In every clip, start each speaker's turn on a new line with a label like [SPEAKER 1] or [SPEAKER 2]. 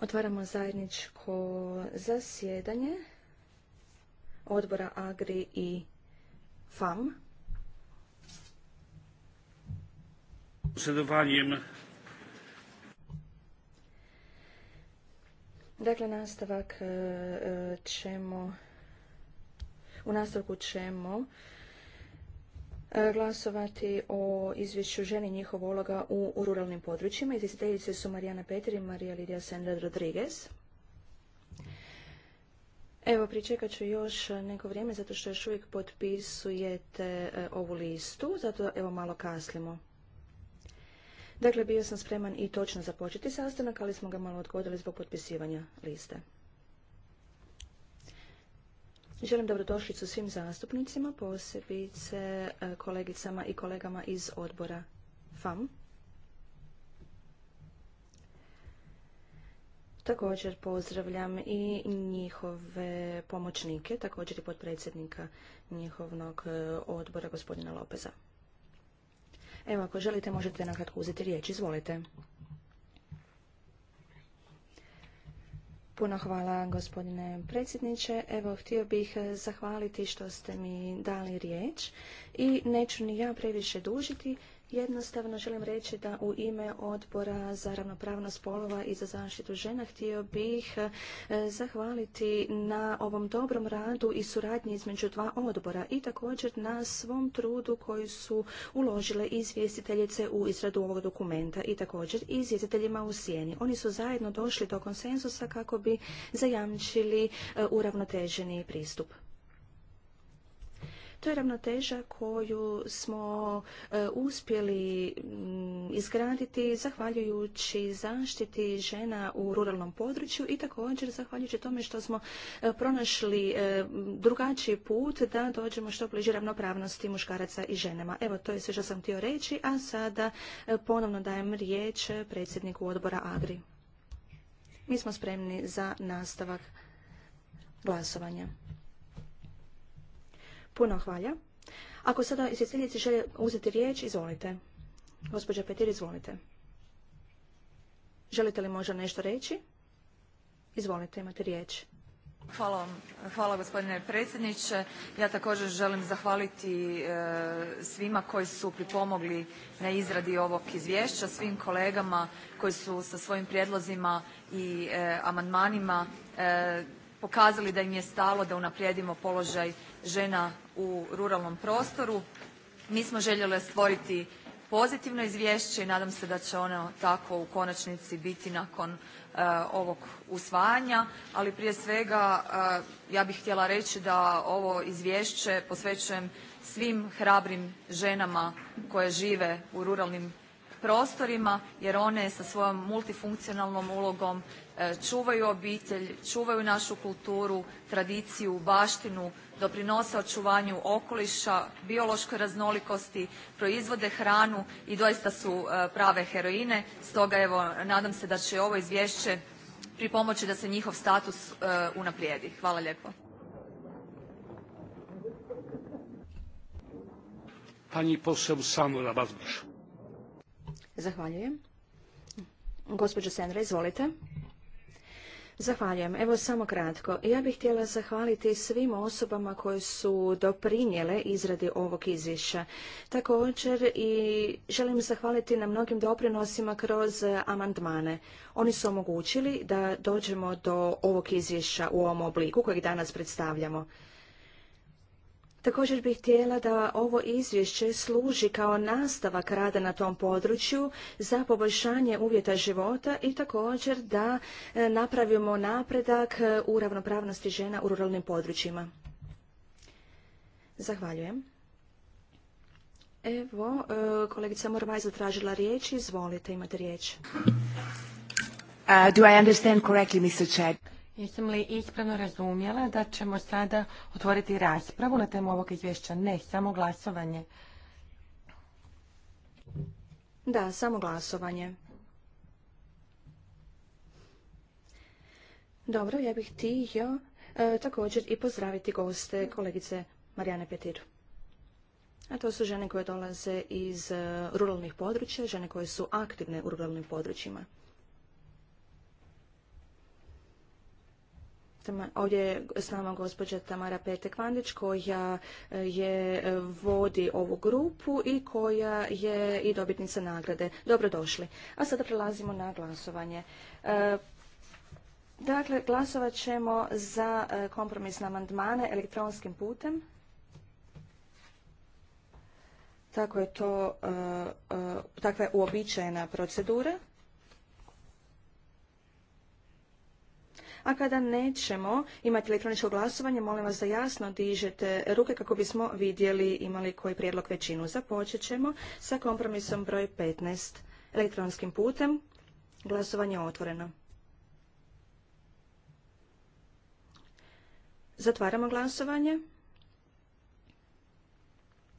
[SPEAKER 1] Otvaramo zajedničko zasjedanje odbora Agri i FAM. Dakle, nastavak e, e, ćemo, u nastavku ćemo E, glasovati o izvješću ženi njihova uloga u, ruralnim područjima. Izvjestiteljice su Marijana Petri, i Marija Lidija Sender Rodriguez. Evo, pričekat ću još neko vrijeme, zato što još uvijek potpisujete e, ovu listu, zato evo malo kaslimo. Dakle, bio sam spreman i točno započeti sastanak, ali smo ga malo odgodili zbog potpisivanja liste. Želim dobrodošlicu svim zastupnicima, posebice e, kolegicama i kolegama iz odbora FAM. Također pozdravljam i njihove pomoćnike, također i podpredsjednika njihovnog e, odbora, gospodina Lopeza. Evo, ako želite, možete nakratko uzeti riječ. Izvolite. Puno hvala gospodine predsjedniče. Evo, htio bih eh, zahvaliti što ste mi dali riječ i neću ni ja previše dužiti Jednostavno želim reći da u ime odbora za ravnopravnost spolova i za zaštitu žena htio bih e, zahvaliti na ovom dobrom radu i suradnji između dva odbora i također na svom trudu koji su uložile izvjestiteljice u izradu ovog dokumenta i također izvjestiteljima u sjeni. Oni su zajedno došli do konsenzusa kako bi zajamčili e, uravnoteženi pristup. To je ravnoteža koju smo e, uspjeli mm, izgraditi zahvaljujući zaštiti žena u ruralnom području i također zahvaljujući tome što smo e, pronašli e, drugačiji put da dođemo što bliže ravnopravnosti muškaraca i ženama. Evo, to je sve što sam htio reći, a sada ponovno dajem riječ predsjedniku odbora Agri. Mi smo spremni za nastavak glasovanja. Puno hvala. Ako sada izvjestiteljici žele uzeti riječ, izvolite. Gospođa Petir, izvolite. Želite li možda nešto reći? Izvolite, imate riječ.
[SPEAKER 2] Hvala vam. Hvala gospodine predsjedniče. Ja također želim zahvaliti e, svima koji su pripomogli na izradi ovog izvješća, svim kolegama koji su sa svojim prijedlozima i e, amandmanima e, pokazali da im je stalo da unaprijedimo položaj žena u ruralnom prostoru. Mi smo željeli stvoriti pozitivno izvješće i nadam se da će ono tako u konačnici biti nakon e, ovog usvajanja, ali prije svega e, ja bih htjela reći da ovo izvješće posvećujem svim hrabrim ženama koje žive u ruralnim prostorima jer one sa svojom multifunkcionalnom ulogom e, čuvaju obitelj, čuvaju našu kulturu, tradiciju, baštinu, doprinose očuvanju okoliša, biološkoj raznolikosti, proizvode hranu i doista su e, prave heroine. Stoga evo nadam se da će ovo izvješće pripomoći da se njihov status e, unaprijedi. Hvala lijepo.
[SPEAKER 3] Pani
[SPEAKER 1] Zahvaljujem. Gospođo Senra, izvolite. Zahvaljujem. Evo samo kratko. Ja bih htjela zahvaliti svim osobama koje su doprinjele izradi ovog izvješća. Također i želim zahvaliti na mnogim doprinosima kroz amandmane. Oni su omogućili da dođemo do ovog izvješća u ovom obliku kojeg danas predstavljamo. Također bih htjela da ovo izvješće služi kao nastavak rada na tom području za poboljšanje uvjeta života i također da e, napravimo napredak e, u ravnopravnosti žena u ruralnim područjima. Zahvaljujem. Evo, e, kolegica Morvaj zatražila riječ. Izvolite, imate riječ.
[SPEAKER 4] Uh, do I understand correctly, Mr. Jesam li ispravno razumjela da ćemo sada otvoriti raspravu na temu ovog izvješća? Ne, samo glasovanje. Da, samo glasovanje.
[SPEAKER 1] Dobro, ja bih htio e, također i pozdraviti goste kolegice Marijane Petiru. A to su žene koje dolaze iz e, ruralnih područja, žene koje su aktivne u ruralnim područjima. Ovdje je s nama gospođa Tamara Petekvandić koja e, je e, vodi ovu grupu i koja je i dobitnica nagrade. Dobrodošli. A sada prelazimo na glasovanje. E, dakle, glasovat ćemo za kompromisne amandmane elektronskim putem. Tako je to, takva je uobičajena procedura. a kada nećemo imati elektroničko glasovanje, molim vas da jasno dižete ruke kako bismo vidjeli imali koji prijedlog većinu. Započet ćemo sa kompromisom broj 15 elektronskim putem. Glasovanje je otvoreno. Zatvaramo glasovanje.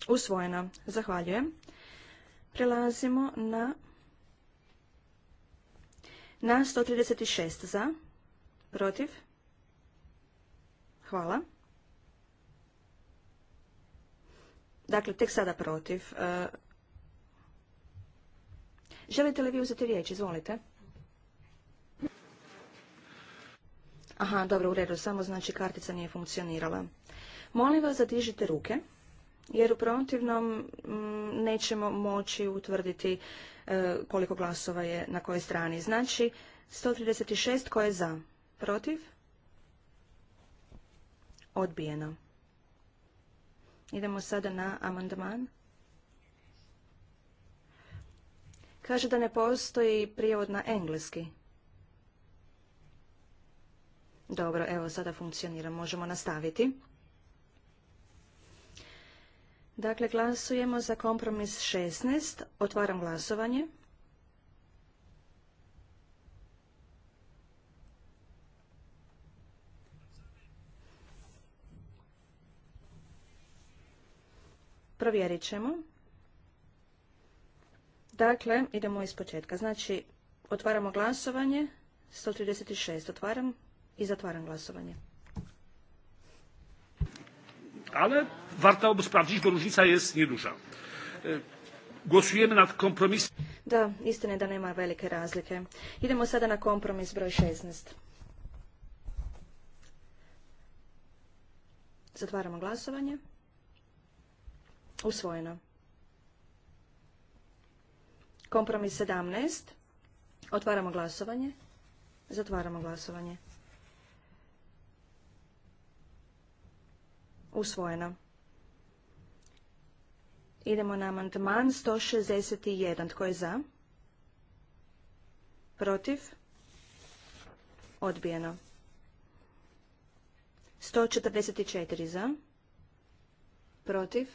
[SPEAKER 1] Usvojeno. Zahvaljujem. Prelazimo na na 136 za Protiv? Hvala. Dakle, tek sada protiv. E, želite li vi uzeti riječ? Izvolite. Aha, dobro, u redu, samo znači kartica nije funkcionirala. Molim vas da dižite ruke, jer u protivnom mm, nećemo moći utvrditi e, koliko glasova je na kojoj strani. Znači, 136 koje je za? Protiv? Odbijeno. Idemo sada na amandman. Kaže da ne postoji prijevod na engleski. Dobro, evo, sada funkcionira. Možemo nastaviti. Dakle, glasujemo za kompromis 16. Otvaram glasovanje. Provjerit ćemo. Dakle, idemo iz početka. Znači, otvaramo glasovanje. 136 otvaram i zatvaram glasovanje.
[SPEAKER 3] Ale warto by sprawdzić, jest nieduża. E, głosujemy nad kompromis
[SPEAKER 1] Da, istina je da nema velike razlike. Idemo sada na kompromis broj 16. Zatvaramo glasovanje. Usvojeno. Kompromis 17. Otvaramo glasovanje. Zatvaramo glasovanje. Usvojeno. Idemo na amandman 161. Tko je za? Protiv? Odbijeno. 144 za. Protiv?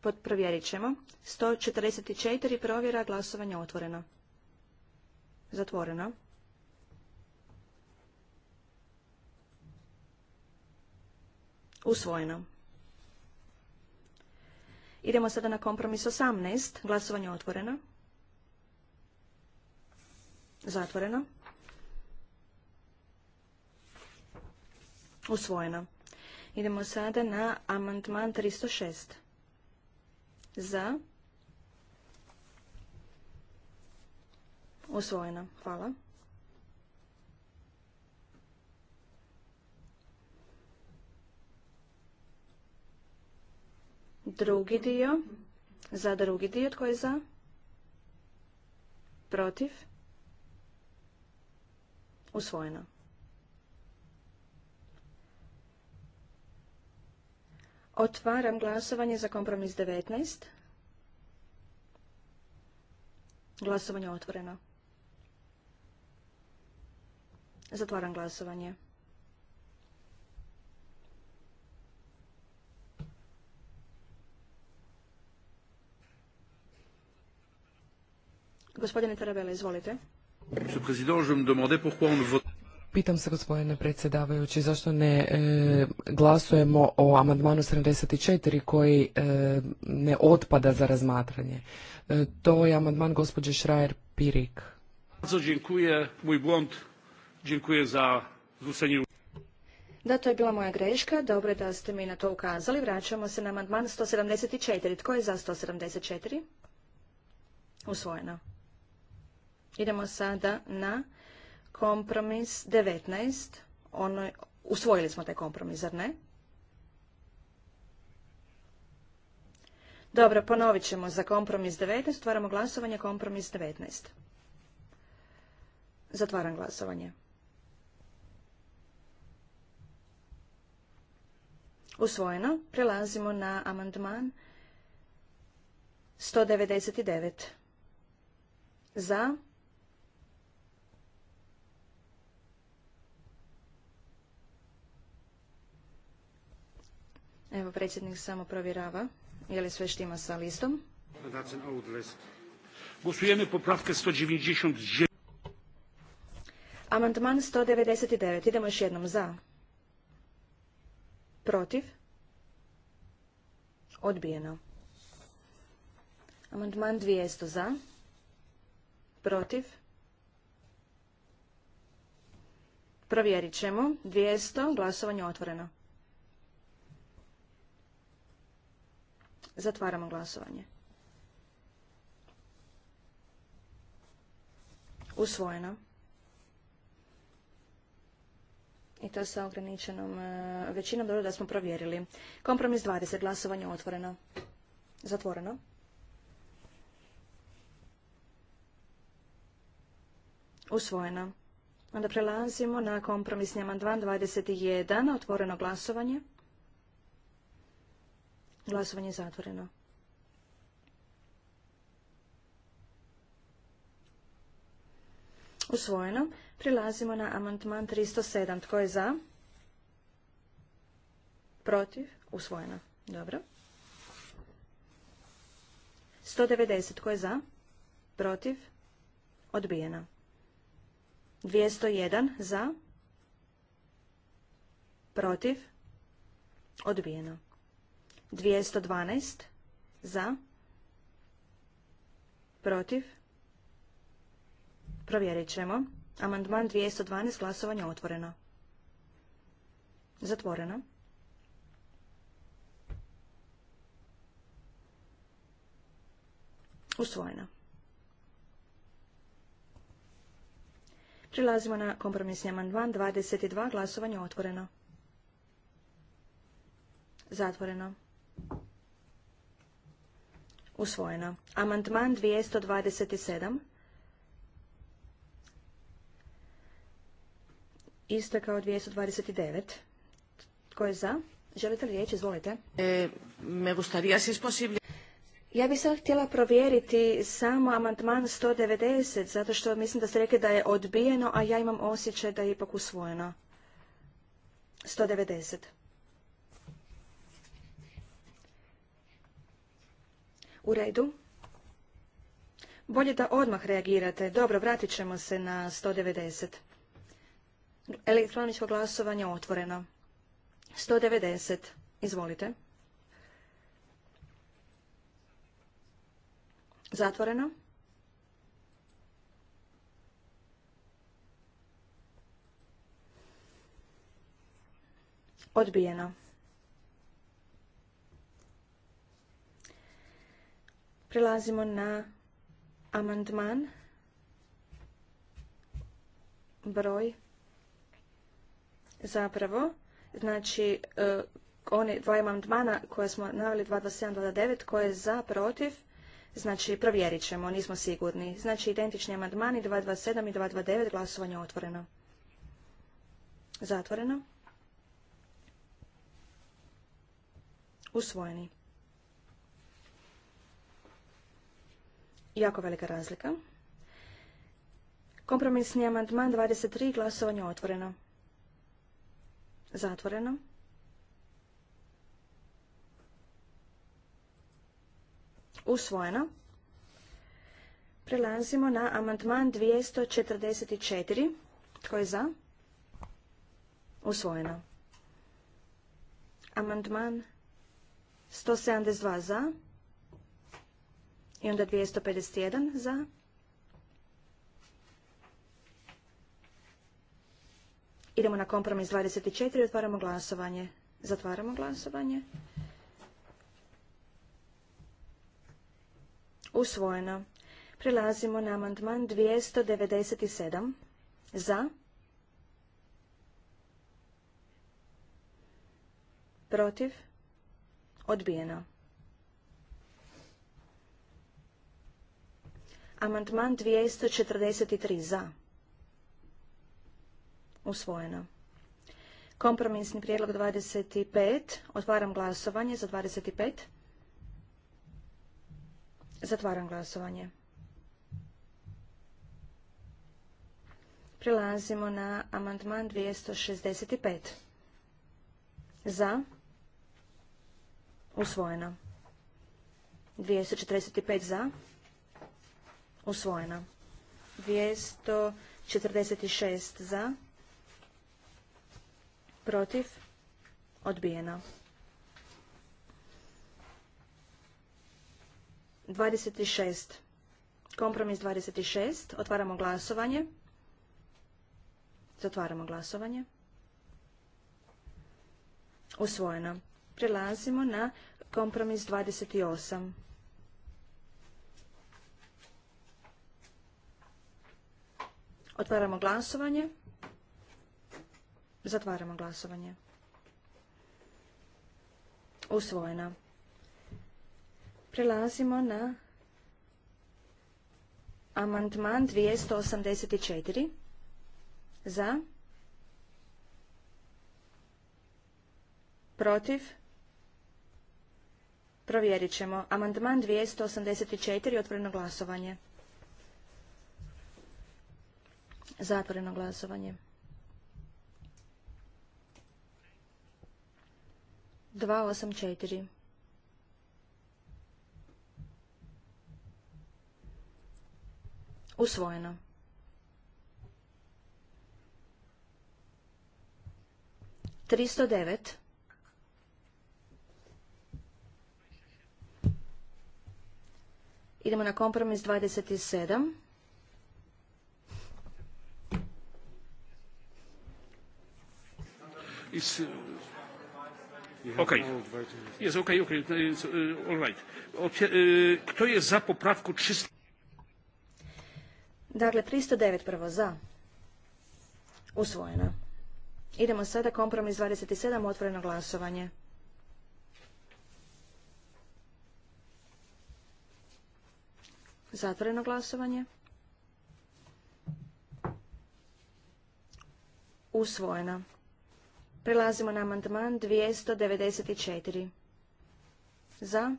[SPEAKER 1] provjerit ćemo. 144 provjera glasovanja otvoreno. Zatvoreno. Usvojeno. Idemo sada na kompromis 18. Glasovanje otvoreno. Zatvoreno. Usvojeno. Idemo sada na amandman 306 za usvojena. Hvala. Drugi dio. Za drugi dio. Tko je za? Protiv? Usvojena. Otvaram glasovanje za kompromis 19. Glasovanje otvoreno. Zatvaram glasovanje. Gospodine Tarabela, izvolite.
[SPEAKER 3] Gospodine le Président, ne
[SPEAKER 5] Pitam se, gospodine predsjedavajući, zašto ne e, glasujemo o amandmanu 74 koji e, ne otpada za razmatranje. E, to je amandman gospođe Šrajer-Pirik.
[SPEAKER 1] Da, to je bila moja greška. Dobro je da ste mi na to ukazali. Vraćamo se na amandman 174. Tko je za 174? Usvojeno. Idemo sada na Kompromis 19. Ono, usvojili smo taj kompromis, zar ne? Dobro, ponovit ćemo za kompromis 19. stvaramo glasovanje, kompromis 19. Zatvaram glasovanje. Usvojeno. Prelazimo na amandman 199. Za. Evo, predsjednik samo provjerava je li sve štima sa listom.
[SPEAKER 3] Amantman popravke 199.
[SPEAKER 1] Amandman 199. Idemo još jednom za. Protiv. Odbijeno. Amandman 200 za. Protiv. Provjerit ćemo. 200. Glasovanje otvoreno. Zatvaramo glasovanje. Usvojeno. I to sa ograničenom e, većinom. Dobro da smo provjerili. Kompromis 20. Glasovanje otvoreno. Zatvoreno. Usvojeno. Onda prelazimo na kompromisni amandman 21. Otvoreno glasovanje. Glasovanje je zatvoreno. Usvojeno. Prilazimo na amantman 307. Tko je za? Protiv? Usvojeno. Dobro. 190. Tko je za? Protiv? Odbijeno. 201. Za? Protiv? Odbijeno. 212 za, protiv, provjerit ćemo. Amandman 212, glasovanje otvoreno. Zatvoreno. Usvojeno. Prelazimo na kompromisni amandman 22, glasovanje otvoreno. Zatvoreno usvojeno. Amandman 227. Isto kao 229. Tko je za? Želite li riječ? Izvolite.
[SPEAKER 4] E, me gustaría si es
[SPEAKER 1] Ja bih sad htjela provjeriti samo amandman 190, zato što mislim da ste rekli da je odbijeno, a ja imam osjećaj da je ipak usvojeno. 190. U redu. Bolje da odmah reagirate. Dobro, vratit ćemo se na 190. Elektroničko glasovanje otvoreno. 190. Izvolite. Zatvoreno. Odbijeno. Prelazimo na amandman broj zapravo, znači e, oni dva amandmana koje smo naveli 227, 229, koje je za, protiv, znači provjerit ćemo, nismo sigurni. Znači identični amandmani 227 i 229, glasovanje otvoreno. Zatvoreno. Usvojeni. jako velika razlika. Kompromisni amandman 23, glasovanje otvoreno. Zatvoreno. Usvojeno. Prelazimo na amandman 244. Tko je za? Usvojeno. Amandman 172 za. I onda 251 za. Idemo na kompromis 24 i otvaramo glasovanje. Zatvaramo glasovanje. Usvojeno. Prelazimo na amandman 297. Za. Protiv. Odbijeno. Amandman 243 za. Usvojeno. Kompromisni prijedlog 25. Otvaram glasovanje za 25. Zatvaram glasovanje. Prelazimo na amandman 265. Za. Usvojeno. 245 za usvojena. 246 za, protiv, odbijena. 26. Kompromis 26. Otvaramo glasovanje. Zatvaramo glasovanje. Usvojeno. Prelazimo na kompromis 28. Otvaramo glasovanje. Zatvaramo glasovanje. Usvojeno. Prelazimo na amandman 284. Za. Protiv. Provjerit ćemo. Amandman 284. Otvoreno glasovanje. Zatvoreno glasovanje. 284. Usvojeno. Tristo devet. Idemo na kompromis dvadeset sedam.
[SPEAKER 3] is uh, Okay. Jest okej, okay, okej, e, all right. E, kto jest za poprawką 300? Dakle, 309
[SPEAKER 1] prvo za. Usvojeno. Idemo sada kompromis 27, otvoreno glasovanje. Zatvoreno glasovanje. Usvojeno. Prelazimo na amandman 294. Za?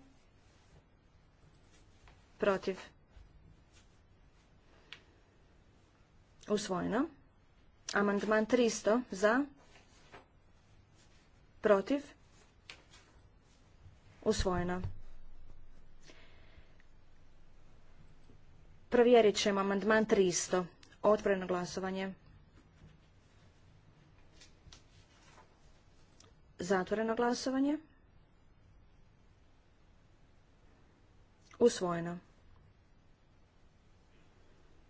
[SPEAKER 1] Protiv? Usvojeno. Amandman 300. Za? Protiv? Usvojeno. Provjerit ćemo amandman 300. Otvoreno glasovanje. Zatvoreno glasovanje. Usvojeno.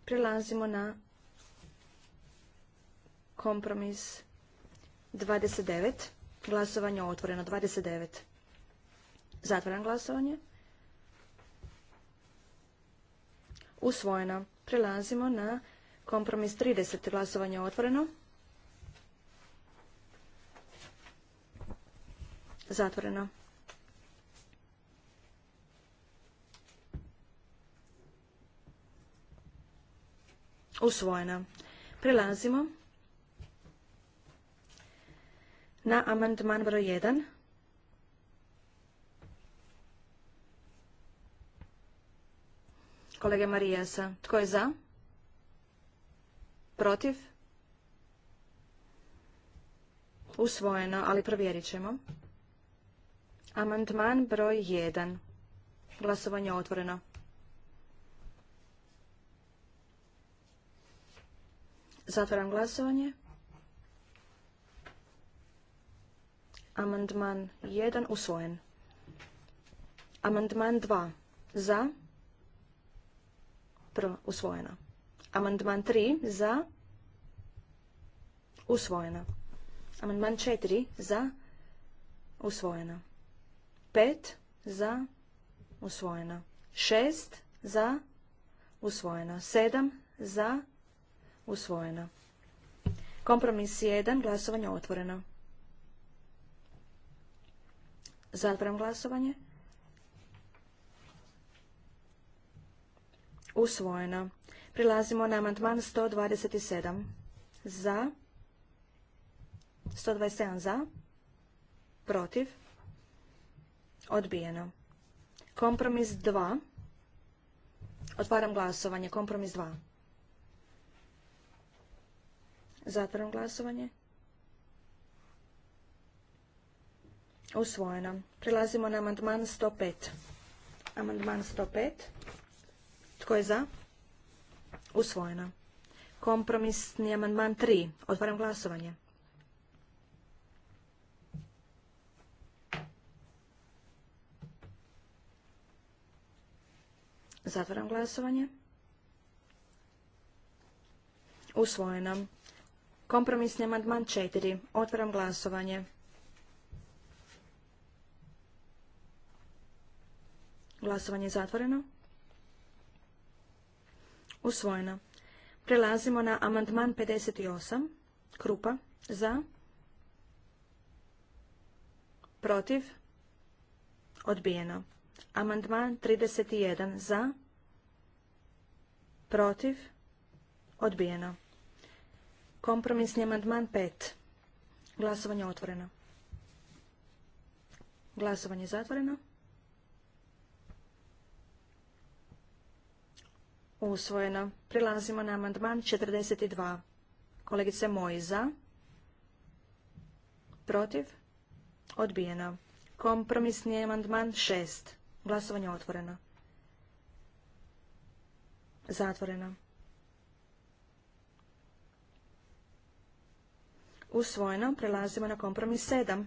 [SPEAKER 1] Prelazimo na kompromis 29. Glasovanje otvoreno 29. Zatvoreno glasovanje. Usvojeno. Prelazimo na kompromis 30. Glasovanje otvoreno. Zatvoreno. usvojena Prelazimo na amandman broj 1. Kolege Marijasa, tko je za? Protiv? Usvojeno, ali provjerit ćemo. Amandman broj 1. Glasovanje otvoreno. Zatvoram glasovanje. Amandman 1 usvojen. Amandman 2 za. Pro, usvojeno. Amandman 3 za. Usvojeno. Amandman 4 za. Usvojeno. 5 za usvojeno. 6 za usvojeno. 7 za usvojeno. Kompromis 1, glasovanje otvoreno. Zatvaram glasovanje. Usvojeno. Prilazimo na amantman 127. Za. 127 za. Protiv. Odbijeno. Kompromis 2. Otvaram glasovanje. Kompromis 2. Zatvaram glasovanje. Usvojeno. Prelazimo na amandman 105. Amandman 105. Tko je za? Usvojeno. Kompromisni amandman 3. Otvaram glasovanje. Zatvaram glasovanje. Usvojeno. Kompromisni amandman četiri. Otvaram glasovanje. Glasovanje je zatvoreno. Usvojeno. Prelazimo na amandman 58. Krupa. Za. Protiv. Odbijeno. Amandman 31 za, protiv, odbijeno. Kompromisni amandman 5. Glasovanje otvoreno. Glasovanje zatvoreno. Usvojeno. Prilazimo na amandman 42. Kolegice Moji za. Protiv. Odbijeno. Kompromisni amandman 6. Glasovanje otvoreno. Zatvoreno. Usvojeno. Prelazimo na kompromis 7.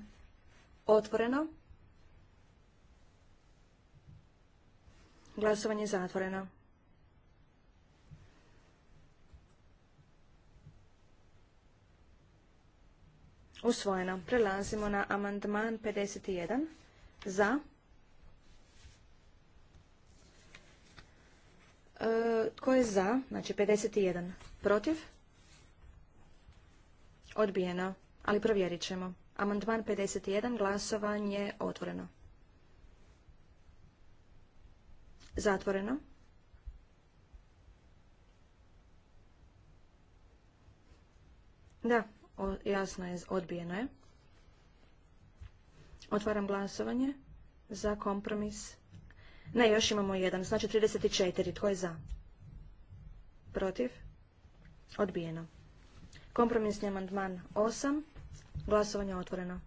[SPEAKER 1] Otvoreno. Glasovanje zatvoreno. Usvojeno. Prelazimo na amandman 51. Za. E, tko je za? Znači 51. Protiv? Odbijeno. Ali provjerit ćemo. Amandman 51. Glasovanje otvoreno. Zatvoreno. Da, jasno je, odbijeno je. Otvaram glasovanje za kompromis ne, još imamo jedan. Znači 34. Tko je za? Protiv? Odbijeno. Kompromisni amandman 8. Glasovanje otvoreno.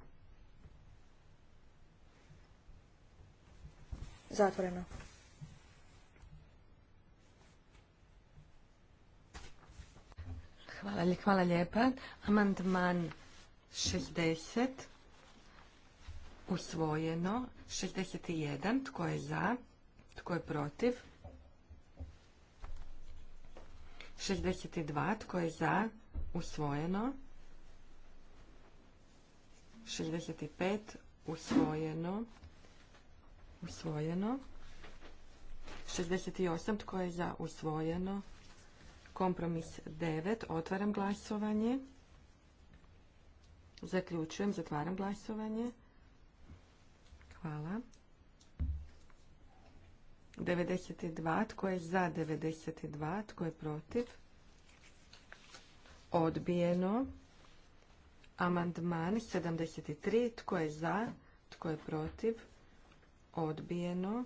[SPEAKER 1] Zatvoreno.
[SPEAKER 4] Hvala, hvala lijepa. Amandman 60. Usvojeno. 61. Tko je za? Tko je protiv? 62. Tko je za? Usvojeno. 65. Usvojeno. Usvojeno. 68. Tko je za? Usvojeno. Kompromis 9. Otvaram glasovanje. Zaključujem. Zatvaram glasovanje. Hvala. 92. Tko je za 92? Tko je protiv? Odbijeno. Amandman 73. Tko je za? Tko je protiv? Odbijeno.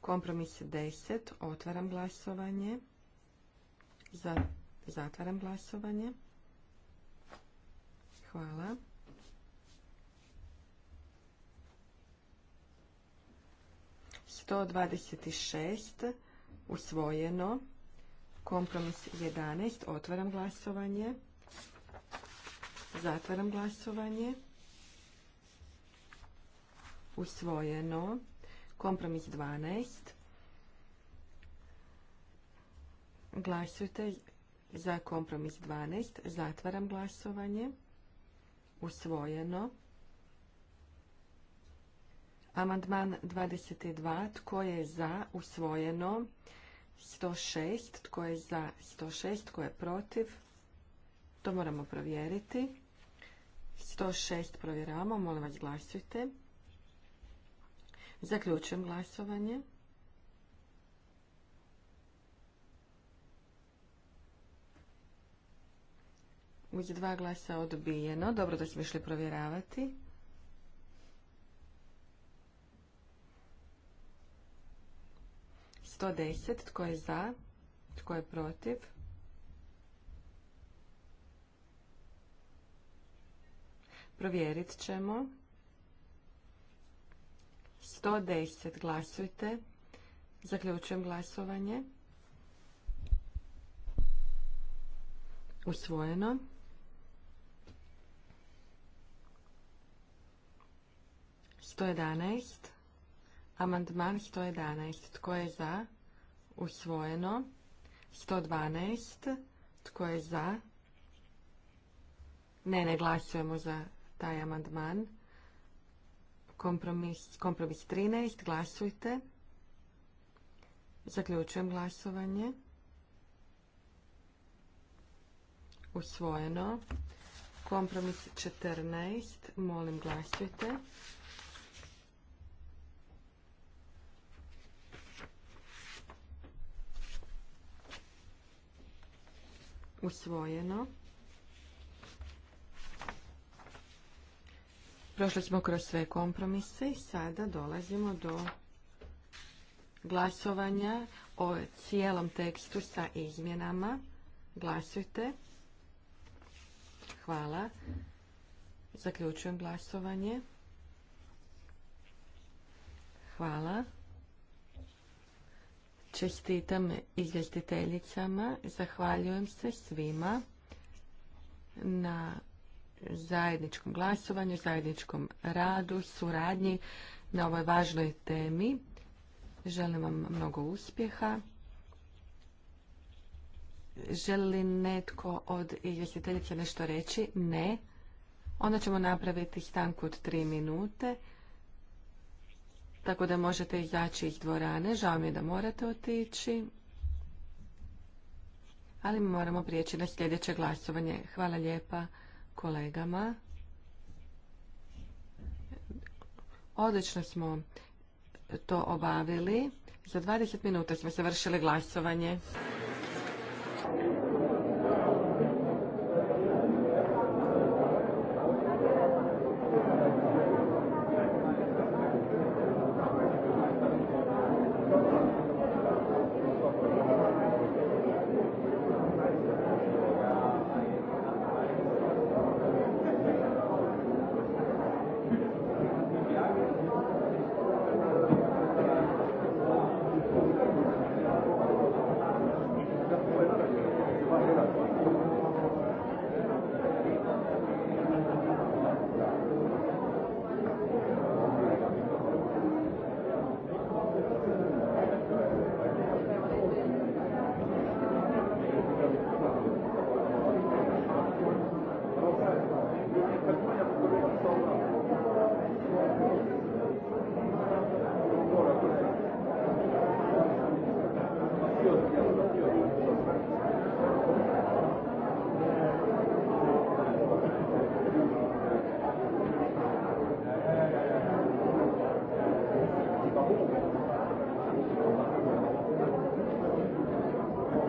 [SPEAKER 4] Kompromis 10. Otvaram glasovanje. Zatvaram glasovanje. Hvala. 126 usvojeno. Kompromis 11. Otvaram glasovanje. Zatvaram glasovanje. Usvojeno. Kompromis 12. Glasujte za kompromis 12. Zatvaram glasovanje. Usvojeno. Amandman 22. Tko je za? Usvojeno. 106. Tko je za? 106. Tko je protiv? To moramo provjeriti. 106 provjeravamo. Molim vas glasujte. Zaključujem glasovanje. Uz dva glasa odbijeno. Dobro da smo išli provjeravati. 110. Tko je za? Tko je protiv? Provjerit ćemo. 110. Glasujte. Zaključujem glasovanje. Usvojeno. Sto jedanaest. Amandman 111. Tko je za? Usvojeno. 112. Tko je za? Ne, ne glasujemo za taj amandman. Kompromis, 13. Glasujte. Zaključujem glasovanje. Usvojeno. Kompromis 14. Molim glasujte. usvojeno. Prošli smo kroz sve kompromise i sada dolazimo do glasovanja o cijelom tekstu sa izmjenama. Glasujte. Hvala. Zaključujem glasovanje. Hvala. Čestitam izvjestiteljicama, zahvaljujem se svima na zajedničkom glasovanju, zajedničkom radu, suradnji na ovoj važnoj temi. Želim vam mnogo uspjeha. Želi li netko od izvjestiteljice nešto reći? Ne. Onda ćemo napraviti stanku od tri minute tako da možete izaći iz dvorane. Žao mi je da morate otići, ali moramo prijeći na sljedeće glasovanje. Hvala lijepa kolegama. Odlično smo to obavili. Za 20 minuta smo završili glasovanje.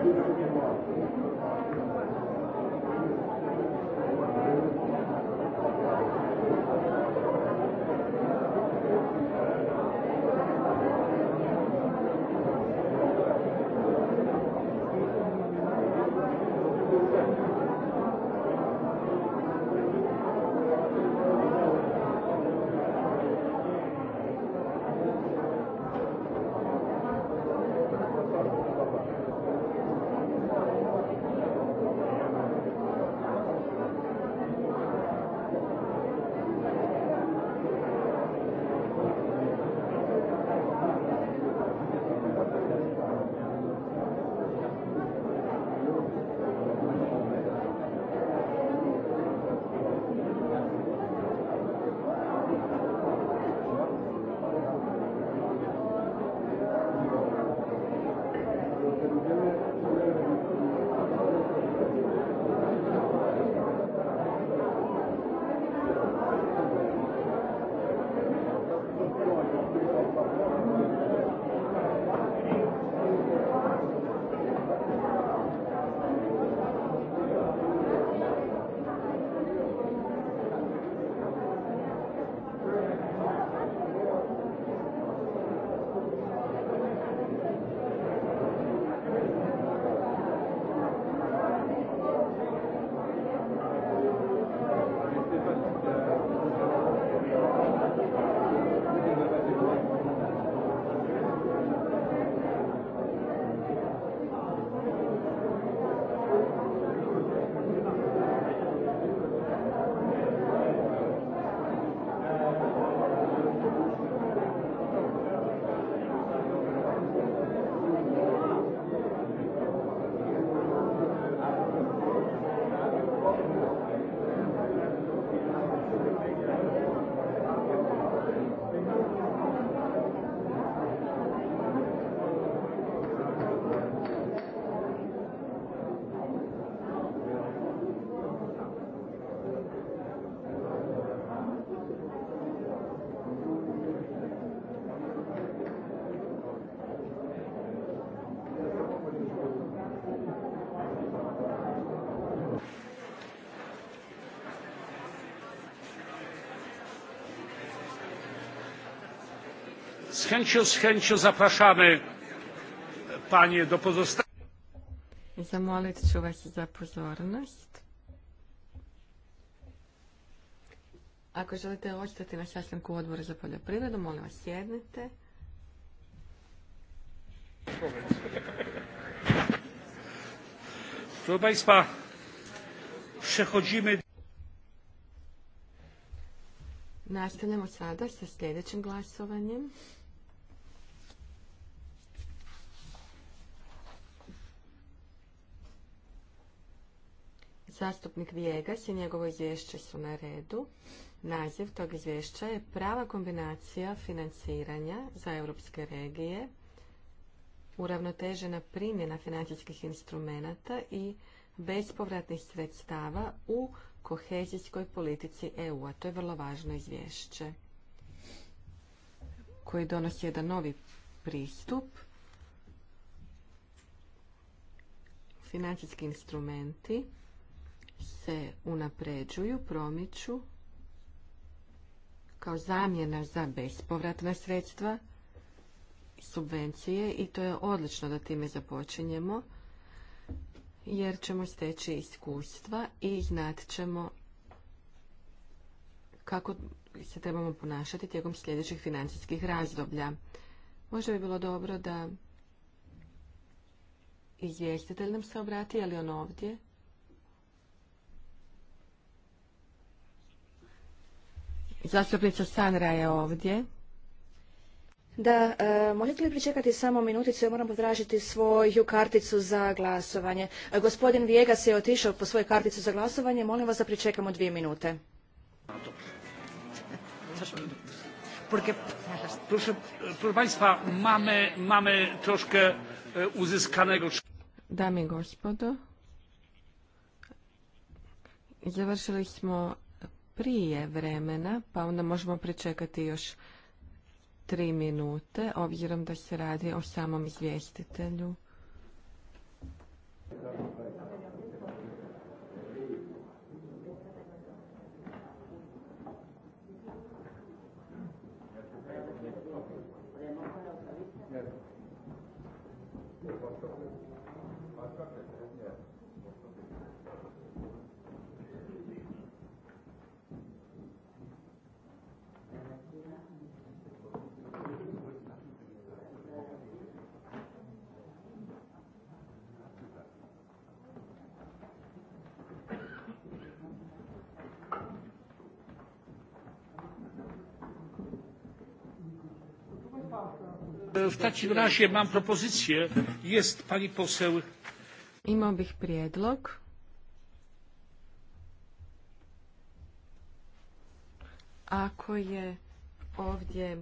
[SPEAKER 4] i da
[SPEAKER 3] Z chęcią, z chęcią zapraszamy panie do pozostałych.
[SPEAKER 4] Zamolit ću vas za pozornost. Ako želite ostati na sastanku odbora za poljoprivredu, molim vas sjednite.
[SPEAKER 3] Proszę Państwa,
[SPEAKER 4] Nastavljamo sada sa sljedećim glasovanjem. Zastupnik Vijegas i njegovo izvješće su na redu. Naziv tog izvješća je prava kombinacija financiranja za europske regije, uravnotežena primjena financijskih instrumenata i bespovratnih sredstava u kohezijskoj politici EU-a. To je vrlo važno izvješće koji donosi jedan novi pristup. Financijski instrumenti se unapređuju, promiču kao zamjena za bespovratna sredstva, subvencije i to je odlično da time započinjemo jer ćemo steći iskustva i znat ćemo kako se trebamo ponašati tijekom sljedećih financijskih razdoblja. Možda bi bilo dobro da izvjestitelj nam se obrati, ali on ovdje. Zastupnica Sandra je ovdje.
[SPEAKER 1] Da, e, možete li pričekati samo minuticu, ja moram potražiti svoju karticu za glasovanje. E, gospodin Vijegas je otišao po svoju karticu za glasovanje, molim vas da pričekamo dvije minute.
[SPEAKER 3] Porque, proszę, proszę mamy, mamy troszkę e, uzyskanego...
[SPEAKER 4] Dami gospodo, završili smo prije vremena, pa onda možemo pričekati još tri minute, obzirom da se radi o samom izvjestitelju.
[SPEAKER 3] W takim razie mam Jest pani poseł.
[SPEAKER 4] Imao bih prijedlog. Ako je ovdje e,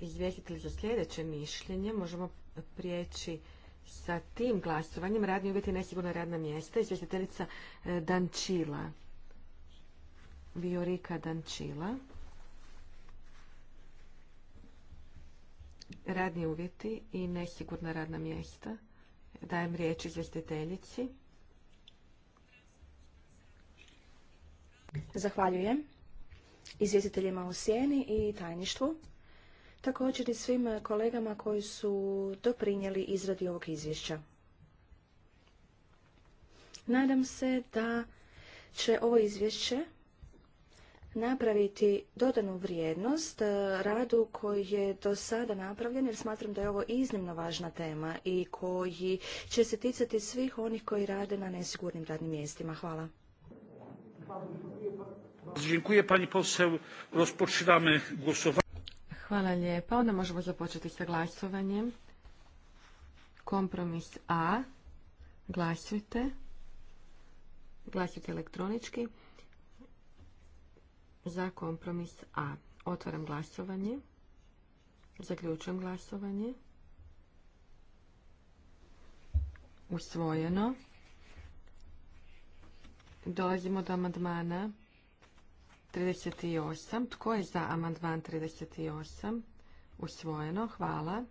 [SPEAKER 4] izvjestitelj za sljedeće mišljenje, možemo prijeći sa tim glasovanjem. Radni uvjeti i nesigurna radna mjesta. Izvjestiteljica e, Dančila. Viorika Dančila. radni uvjeti i nesigurna radna mjesta. Dajem riječ izvjestiteljici. Zahvaljujem
[SPEAKER 1] izvjestiteljima u sjeni i tajništvu, također i svim kolegama koji su doprinijeli izradi ovog izvješća. Nadam se da će ovo izvješće napraviti dodanu vrijednost e, radu koji je do sada napravljen jer smatram da je ovo iznimno važna tema i koji će se ticati svih onih koji rade na nesigurnim
[SPEAKER 4] radnim mjestima. Hvala. Hvala lijepa. Onda možemo započeti sa glasovanjem. Kompromis A. Glasujte. Glasujte elektronički za kompromis A. Otvaram glasovanje. Zaključujem glasovanje. Usvojeno. Dolazimo do amandmana 38. Tko je za amandman 38? Usvojeno. Hvala.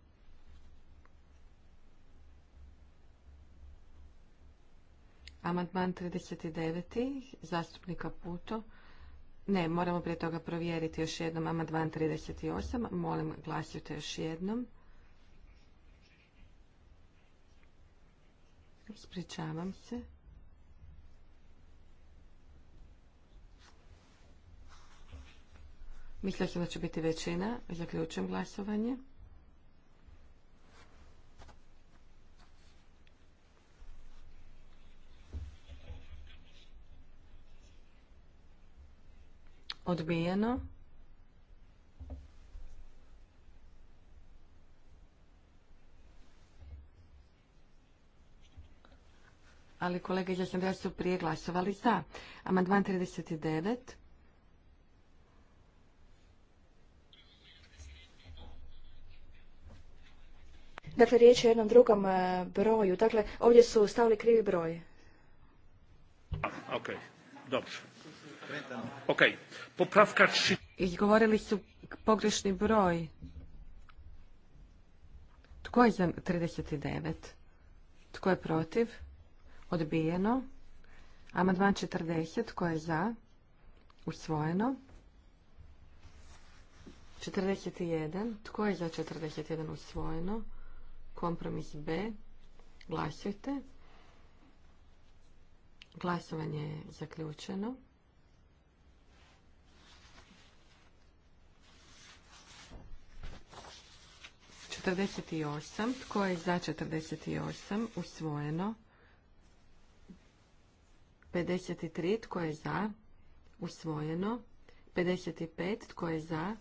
[SPEAKER 4] Amandman 39. Zastupnika Puto. Ne, moramo prije toga provjeriti još jednom amandman 38. Molim, glasite još jednom. Spričavam se. mislio sam da će biti većina. Zaključujem glasovanje. Odbijeno. Ali kolege iz su prije glasovali za. Amandman 39.
[SPEAKER 1] Dakle, riječ je o jednom drugom e, broju. Dakle, ovdje su stavili krivi broj.
[SPEAKER 3] Ok, dobro.
[SPEAKER 4] Izgovorili su pogrešni broj. Tko je za 39? Tko je protiv? Odbijeno. Amandman 40. Tko je za? Usvojeno. 41. Tko je za 41? Usvojeno. Kompromis B. Glasujte. Glasovanje je zaključeno. 48. Tko je za 48? Usvojeno. 53. Tko je za? Usvojeno. 55. Tko je za?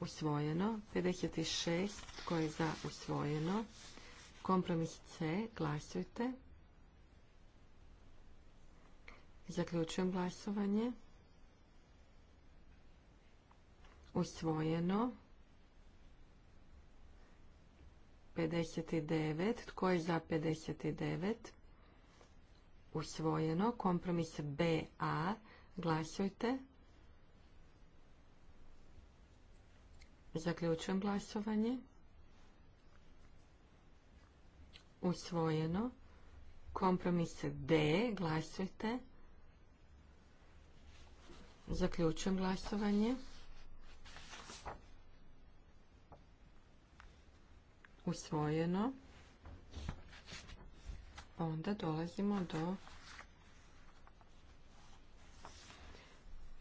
[SPEAKER 4] Usvojeno. 56. Tko je za? Usvojeno. Kompromis C. Glasujte. Zaključujem glasovanje. Usvojeno. 59. Tko je za 59? Usvojeno. Kompromis B. A. Glasujte. Zaključujem glasovanje. Usvojeno. Kompromis D. Glasujte. Zaključujem glasovanje. usvojeno. Onda dolazimo do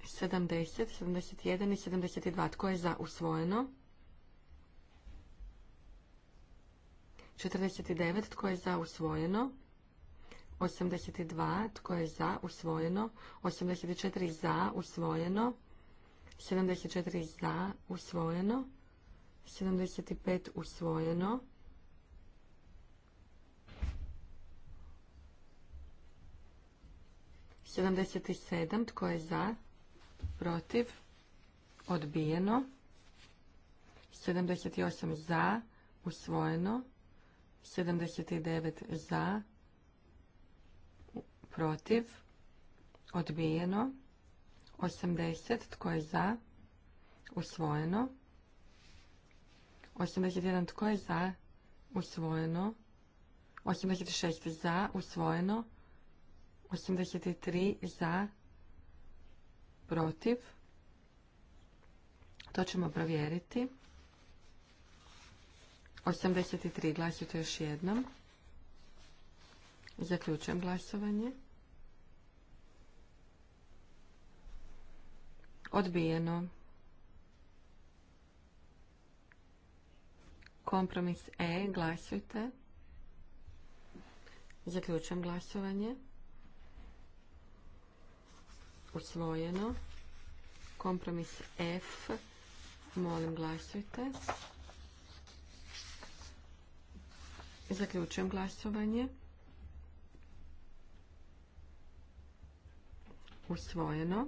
[SPEAKER 4] 70, 71 i 72. Tko je za usvojeno? 49. Tko je za usvojeno? 82. Tko je za usvojeno? 84. Za usvojeno. 74. Za usvojeno. 75 usvojeno. Sedamdeset sedam. Tko je za? Protiv? Odbijeno. 78 za. Usvojeno. 79 za. Protiv. Odbijeno. 80. Tko je za? Usvojeno. 81 tko je za? Usvojeno. 86 za? Usvojeno. 83 za? Protiv. To ćemo provjeriti. 83 to još jednom. Zaključujem glasovanje. Odbijeno. Kompromis E, glasujte. Zaključujem glasovanje. Usvojeno. Kompromis F, molim glasujte. Zaključujem glasovanje. Usvojeno.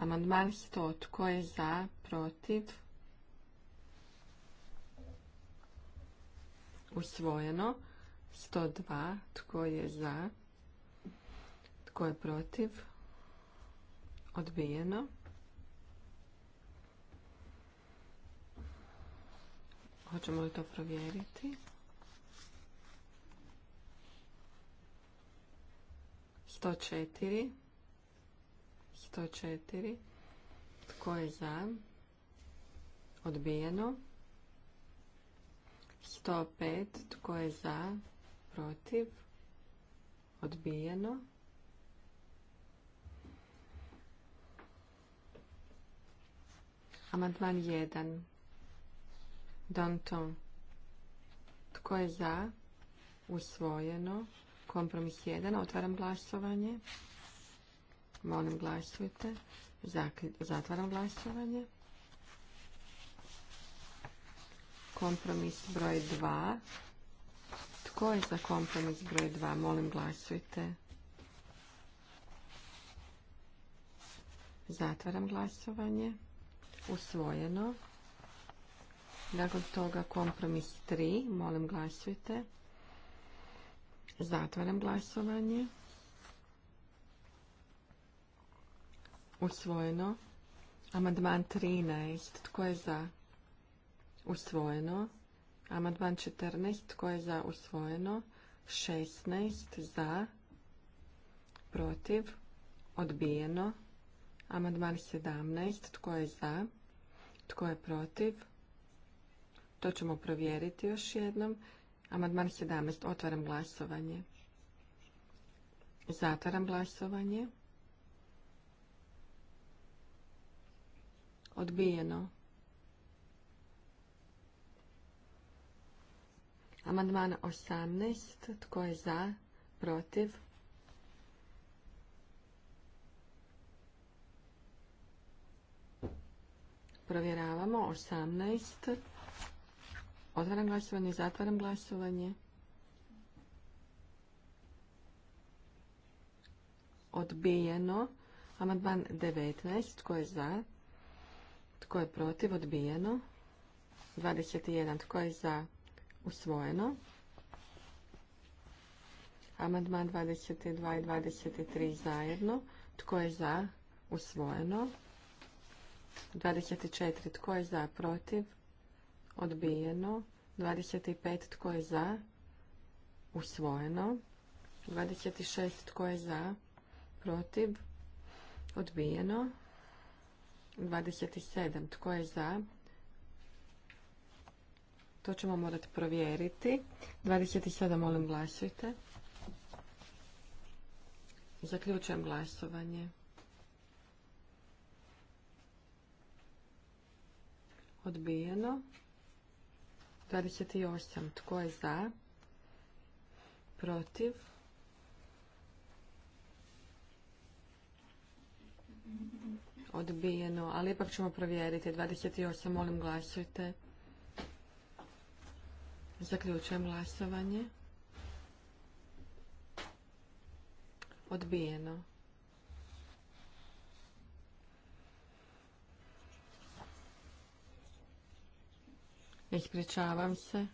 [SPEAKER 4] Amandman 100. Tko je za? Protiv? Usvojeno. 102. Tko je za? Tko je protiv? Odbijeno. Hoćemo li to provjeriti? 104. 104. Tko je za? Odbijeno. 105. Tko je za? Protiv. Odbijeno. Amandman 1. Danton. Tko je za? Usvojeno. Kompromis 1. Otvaram glasovanje. Molim glasujte. Zatvaram glasovanje. Kompromis broj 2. Tko je za kompromis broj 2? Molim glasujte. Zatvaram glasovanje. Usvojeno. Nakon toga kompromis 3. Molim glasujte. Zatvaram glasovanje. Usvojeno. Amandman 13. Tko je za? Usvojeno. Amandman 14. Tko je za? Usvojeno. 16. Za. Protiv. Odbijeno. Amandman 17. Tko je za? Tko je protiv? To ćemo provjeriti još jednom. Amandman 17. Otvaram glasovanje. Zatvaram glasovanje. Odbijeno. Amandman 18. Tko je za? Protiv? Provjeravamo. 18. Otvaram glasovanje, zatvaram glasovanje. Odbijeno. Amandman 19. Tko je za? Tko je protiv? Odbijeno. 21. Tko je za? Usvojeno. Amandman 22 i 23 zajedno. Tko je za? Usvojeno. 24. Tko je za? Protiv? Odbijeno. 25. Tko je za? Usvojeno. 26. Tko je za? Protiv? Odbijeno. 27. Tko je za? To ćemo morati provjeriti. 27. Molim glasujte. Zaključujem glasovanje. Odbijeno. 28. Tko je za? Protiv? odbijeno, ali ipak ćemo provjeriti. 28, molim glasujte. Zaključujem glasovanje. Odbijeno. Ispričavam se.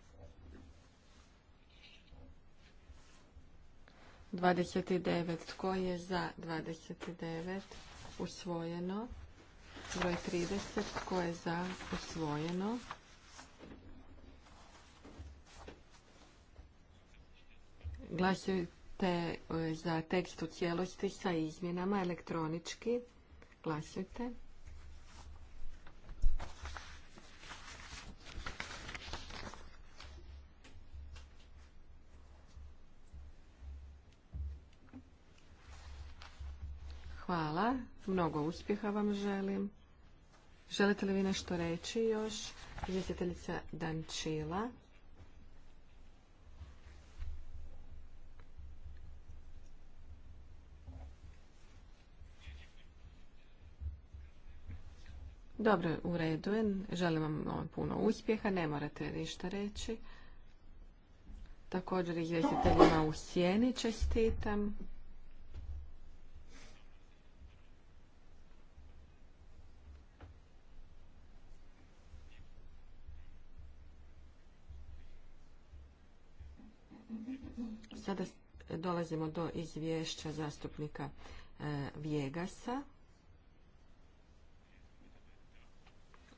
[SPEAKER 4] 29. Tko je za 29? usvojeno. Broj 30, tko je za, usvojeno. Glasujte e, za tekst u cijelosti sa izmjenama elektronički. Glasujte. Mnogo uspjeha vam želim. Želite li vi nešto reći još? Izvjestiteljica Dančila. Dobro, u redu Želim vam puno uspjeha, ne morate ništa reći. Također izvjestiteljima u sjeni čestitam. sada dolazimo do izvješća zastupnika e, Vjegasa.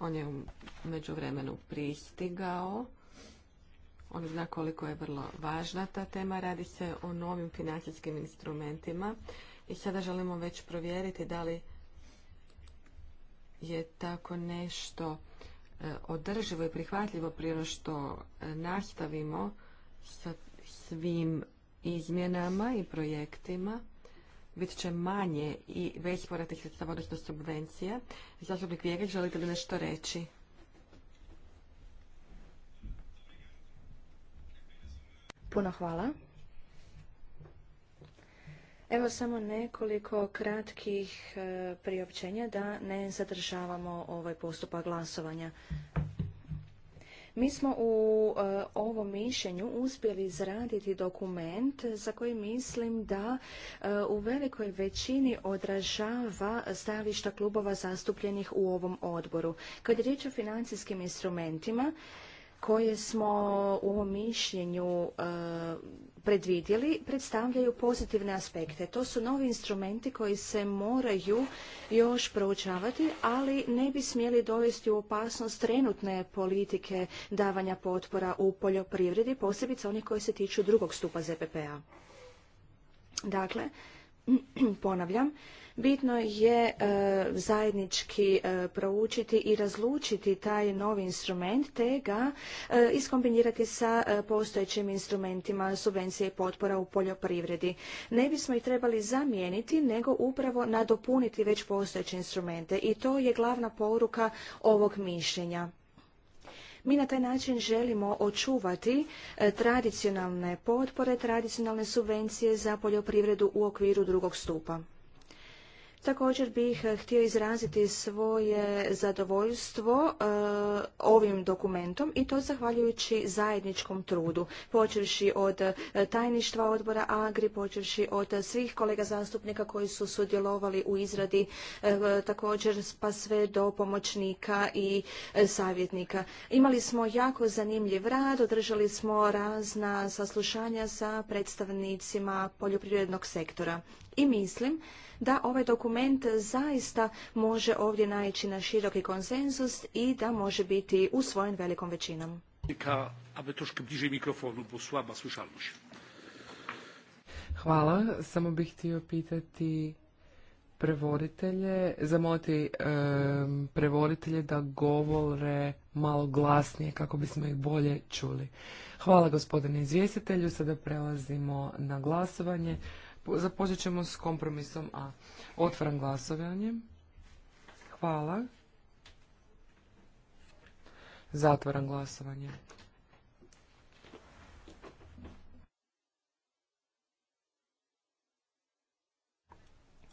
[SPEAKER 4] On je među vremenu pristigao. On zna koliko je vrlo važna ta tema. Radi se o novim financijskim instrumentima. I sada želimo već provjeriti da li je tako nešto e, održivo i prihvatljivo prije što e, nastavimo sa svim izmjenama i projektima bit će manje i već sredstava, odnosno subvencija. Zastupnik Vjegeć, želite li nešto reći? Puno hvala.
[SPEAKER 1] Evo samo nekoliko kratkih e, priopćenja da ne zadržavamo ovaj postupak glasovanja. Mi smo u e, ovom mišljenju uspjeli izraditi dokument za koji mislim da e, u velikoj većini odražava stajališta klubova zastupljenih u ovom odboru. Kad je riječ o financijskim instrumentima, koje smo u ovom mišljenju e, predvidjeli predstavljaju pozitivne aspekte. To su novi instrumenti koji se moraju još proučavati, ali ne bi smjeli dovesti u opasnost trenutne politike davanja potpora u poljoprivredi, posebice onih koji se tiču drugog stupa ZPP-a. Dakle, ponavljam, bitno je e, zajednički e, proučiti i razlučiti taj novi instrument te ga e, iskombinirati sa postojećim instrumentima subvencije i potpora u poljoprivredi. Ne bismo ih trebali zamijeniti nego upravo nadopuniti već postojeće instrumente i to je glavna poruka ovog mišljenja. Mi na taj način želimo očuvati e, tradicionalne potpore, tradicionalne subvencije za poljoprivredu u okviru drugog stupa. Također bih eh, htio izraziti svoje zadovoljstvo eh, ovim dokumentom i to zahvaljujući zajedničkom trudu, počevši od eh, tajništva odbora Agri, počeši od svih kolega zastupnika koji su sudjelovali u izradi također pa sve do pomoćnika i savjetnika. Imali smo jako zanimljiv rad, održali smo razna saslušanja sa predstavnicima poljoprivrednog sektora i mislim da ovaj dokument zaista može ovdje naići na široki konsenzus i da može biti usvojen velikom većinom.
[SPEAKER 5] Hvala. Samo bih htio pitati prevoditelje, zamoliti prevoditelje da govore malo glasnije kako bismo ih bolje čuli. Hvala gospodine izvjestitelju, sada prelazimo na glasovanje započet ćemo s kompromisom A. Otvaram glasovanje. Hvala. Zatvaram glasovanje.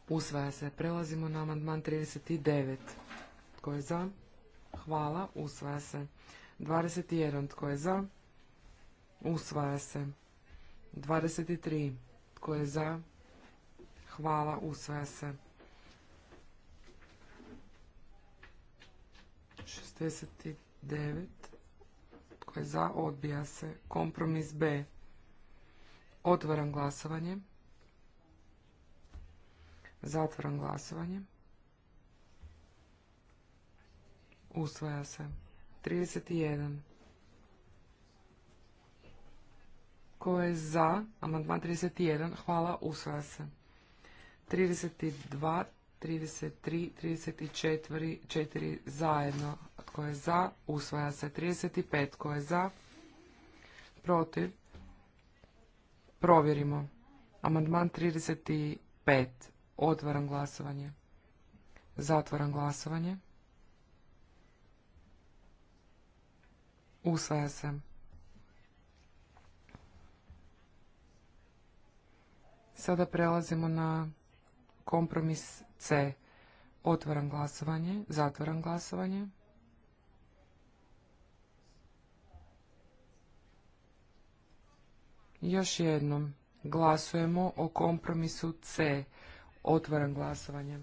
[SPEAKER 5] Usvaja se. Prelazimo na amandman 39. Tko je za? Hvala. Usvaja se. 21. Tko je za? Usvaja se. 23. Tko je za? Hvala, usvaja se. 69. Tko je za? Odbija se. Kompromis B. Otvaram glasovanje. Zatvaram glasovanje. Usvaja se. 31. Tko je za? Amandman 31. Hvala. Usvaja se. 32, 33, 34, 4 zajedno. Tko je za? Usvaja se. 35. Tko je za? Protiv? Provjerimo. Amandman 35. Otvaram glasovanje. Zatvaram glasovanje. Usvaja se. Sada prelazimo na kompromis C. Otvaram glasovanje, zatvaram glasovanje. Još jednom glasujemo o kompromisu C. Otvaram glasovanje.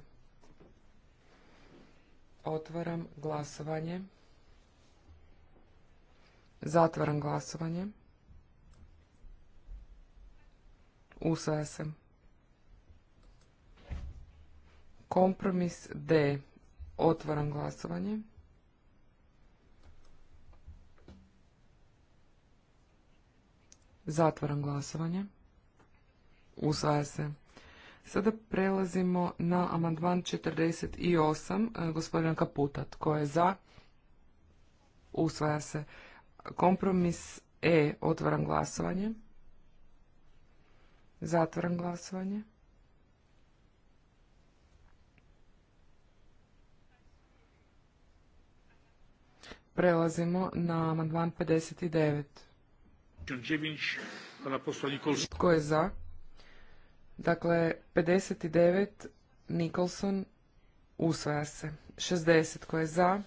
[SPEAKER 5] Otvaram glasovanje. Zatvaram glasovanje. Usvaja se. Kompromis D. Otvaram glasovanje. Zatvaram glasovanje. Usvaja se. Sada prelazimo na amandman 48 e, gospodina Kaputa. Tko je za? Usvaja se. Kompromis E. Otvaram glasovanje. Zatvoram glasovanje. Prelazimo na amandman 59. Tko je za? Dakle, 59, Nikolson, usvaja se. 60, tko je za?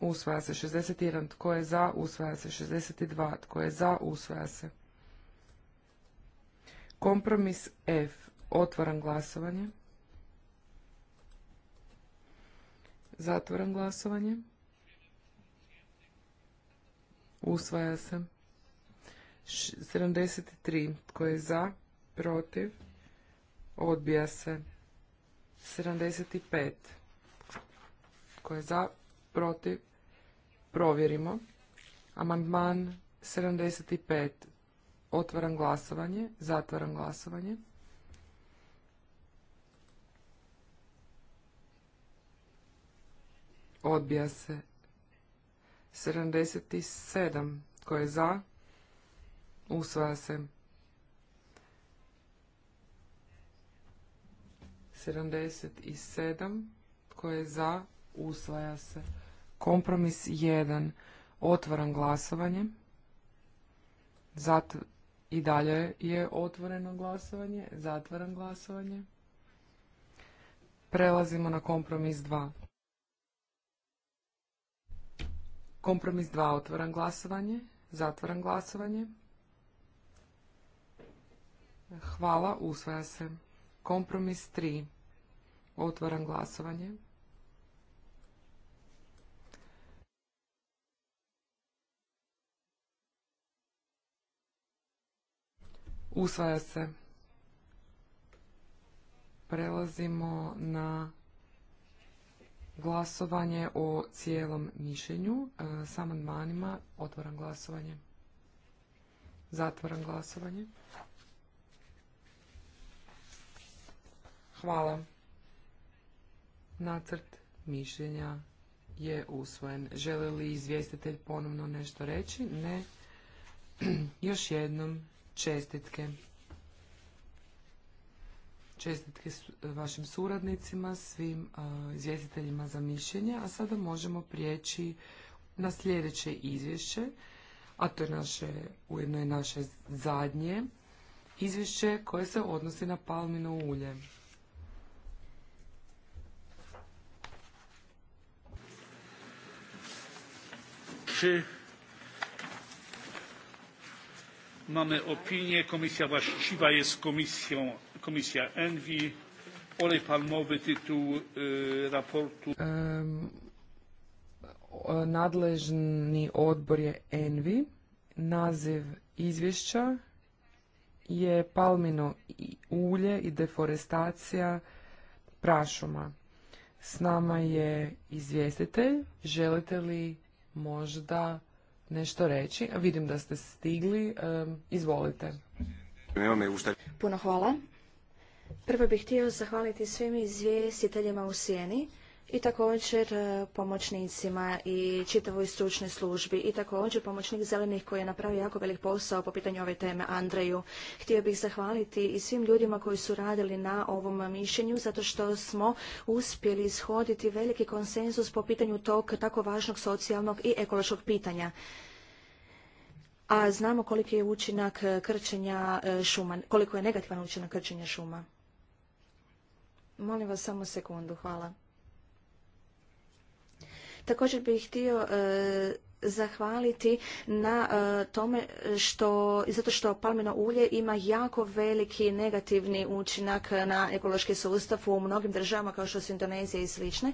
[SPEAKER 5] Usvaja se. 61, tko je za? Usvaja se. 62, tko je za? Usvaja se. Kompromis F. Otvaram glasovanje. Zatvaram glasovanje. Usvaja se. 73. Tko je za? Protiv? Odbija se. 75. Tko je za? Protiv? Provjerimo. Amandman 75. Otvaram glasovanje. Zatvaram glasovanje. Odbija se. 77. Tko je za? Usvaja se. 77. Tko je za? Usvaja se. Kompromis 1. Otvaram glasovanje. Zatvaram i dalje je otvoreno glasovanje, zatvaram glasovanje. Prelazimo na kompromis 2. Kompromis 2, otvaram glasovanje, zatvaram glasovanje. Hvala, usvaja se. Kompromis 3, otvaram glasovanje. Usvaja se. Prelazimo na glasovanje o cijelom mišljenju e, Sa amandmanima. Otvaram glasovanje. Zatvaram glasovanje. Hvala. Nacrt mišljenja je usvojen. Želi li izvjestitelj ponovno nešto reći? Ne. Još jednom Čestitke. Čestitke vašim suradnicima, svim izvjestiteljima za mišljenje, a sada možemo prijeći na sljedeće izvješće, a to je naše, ujedno je naše zadnje izvješće koje se odnosi na palmino ulje.
[SPEAKER 3] mamy opinię komisja właściwa jest komisją komisja envi olej palmowy tytuł raportu
[SPEAKER 5] nadleżny odbor je envi naziv izvješća je palmino ulje i deforestacija prašuma s nama je izvjestitelj želite li možda nešto reći. Vidim da ste stigli. Izvolite. Puno hvala.
[SPEAKER 1] Prvo bih htio zahvaliti svim izvjestiteljima u Sjeni i također e, pomoćnicima i čitavoj stručnoj službi i također pomoćnik zelenih koji je napravio jako velik posao po pitanju ove teme Andreju. Htio bih zahvaliti i svim ljudima koji su radili na ovom mišljenju zato što smo uspjeli ishoditi veliki konsenzus po pitanju tog tako važnog socijalnog i ekološkog pitanja a znamo koliki je učinak e, krčenja e, šuma, koliko je negativan učinak krčenja šuma. Molim vas samo sekundu, hvala. Također bih htio e, zahvaliti na e, tome što, zato što palmino ulje ima jako veliki negativni učinak na ekološki sustav u mnogim državama kao što su Indonezija i slične.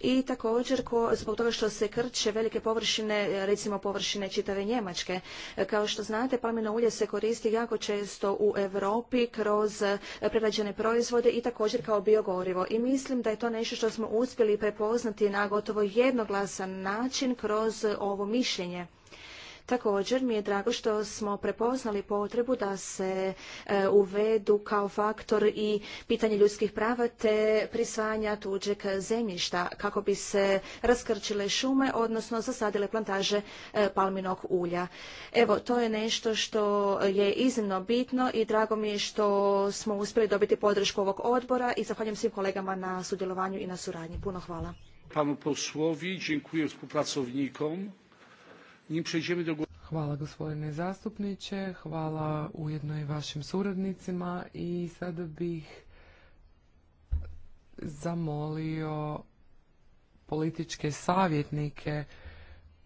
[SPEAKER 1] I također ko, zbog toga što se krče velike površine, recimo površine čitave Njemačke. E, kao što znate, palmino ulje se koristi jako često u Europi kroz e, prerađene proizvode i također kao biogorivo. I mislim da je to nešto što smo uspjeli prepoznati na gotovo jednoglasan način kroz ovo mišljenje. Također mi je drago što smo prepoznali potrebu da se e, uvedu kao faktor i pitanje ljudskih prava te prisvajanja tuđeg zemljišta kako bi se raskrčile šume, odnosno zasadile plantaže e, palminog ulja. Evo, to je nešto što je iznimno bitno i drago mi je što smo uspjeli dobiti podršku ovog odbora i zahvaljujem svim kolegama na sudjelovanju i na suradnji. Puno hvala.
[SPEAKER 3] Panu Hvala
[SPEAKER 5] gospodine zastupniče, hvala ujedno i vašim suradnicima i sada bih zamolio političke savjetnike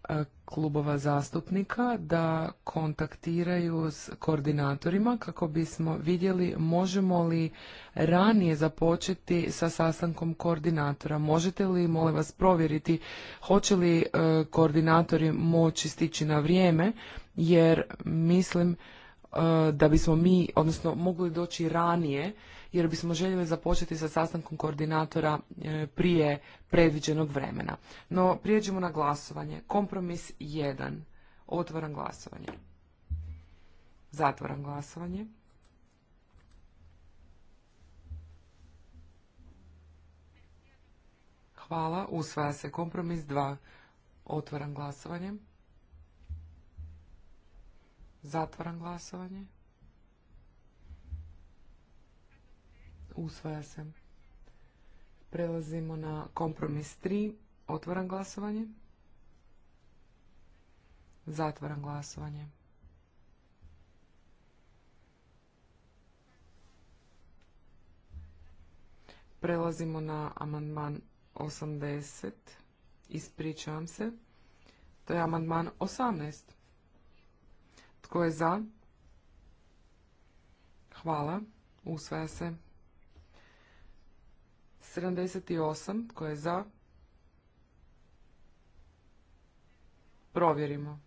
[SPEAKER 5] E, klubova zastupnika da kontaktiraju s koordinatorima kako bismo vidjeli možemo li ranije započeti sa sastankom koordinatora. Možete li, molim vas, provjeriti hoće li e, koordinatori moći stići na vrijeme jer mislim e, da bismo mi, odnosno mogli doći ranije jer bismo željeli započeti sa sastankom koordinatora e, prije predviđenog vremena. No, prijeđemo na glasovanje. Kompromis 1. Otvaram glasovanje. Zatvaram glasovanje. Hvala. Usvaja se kompromis 2. Otvaram glasovanje. Zatvaram glasovanje. usvaja se. Prelazimo na kompromis 3, otvaram glasovanje. Zatvaram glasovanje. Prelazimo na amandman 80. Ispričavam se. To je amandman 18. Tko je za? Hvala. Usvaja se. 78 koje je za. Provjerimo.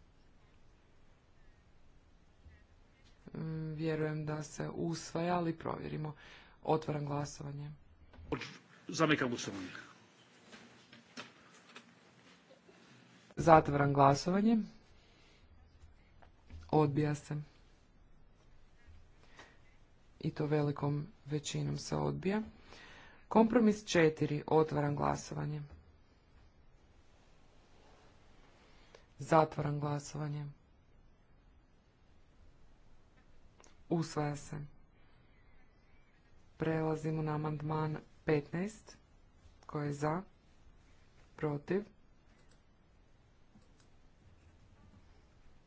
[SPEAKER 5] Mm, vjerujem da se usvaja, ali provjerimo. Otvaram glasovanje.
[SPEAKER 3] Zamekam glasovanje.
[SPEAKER 5] Zatvaram glasovanje. Odbija se. I to velikom većinom se odbija. Kompromis 4. Otvaram glasovanje. Zatvaram glasovanje. Usvaja se. Prelazimo na amandman 15. koji je za? Protiv?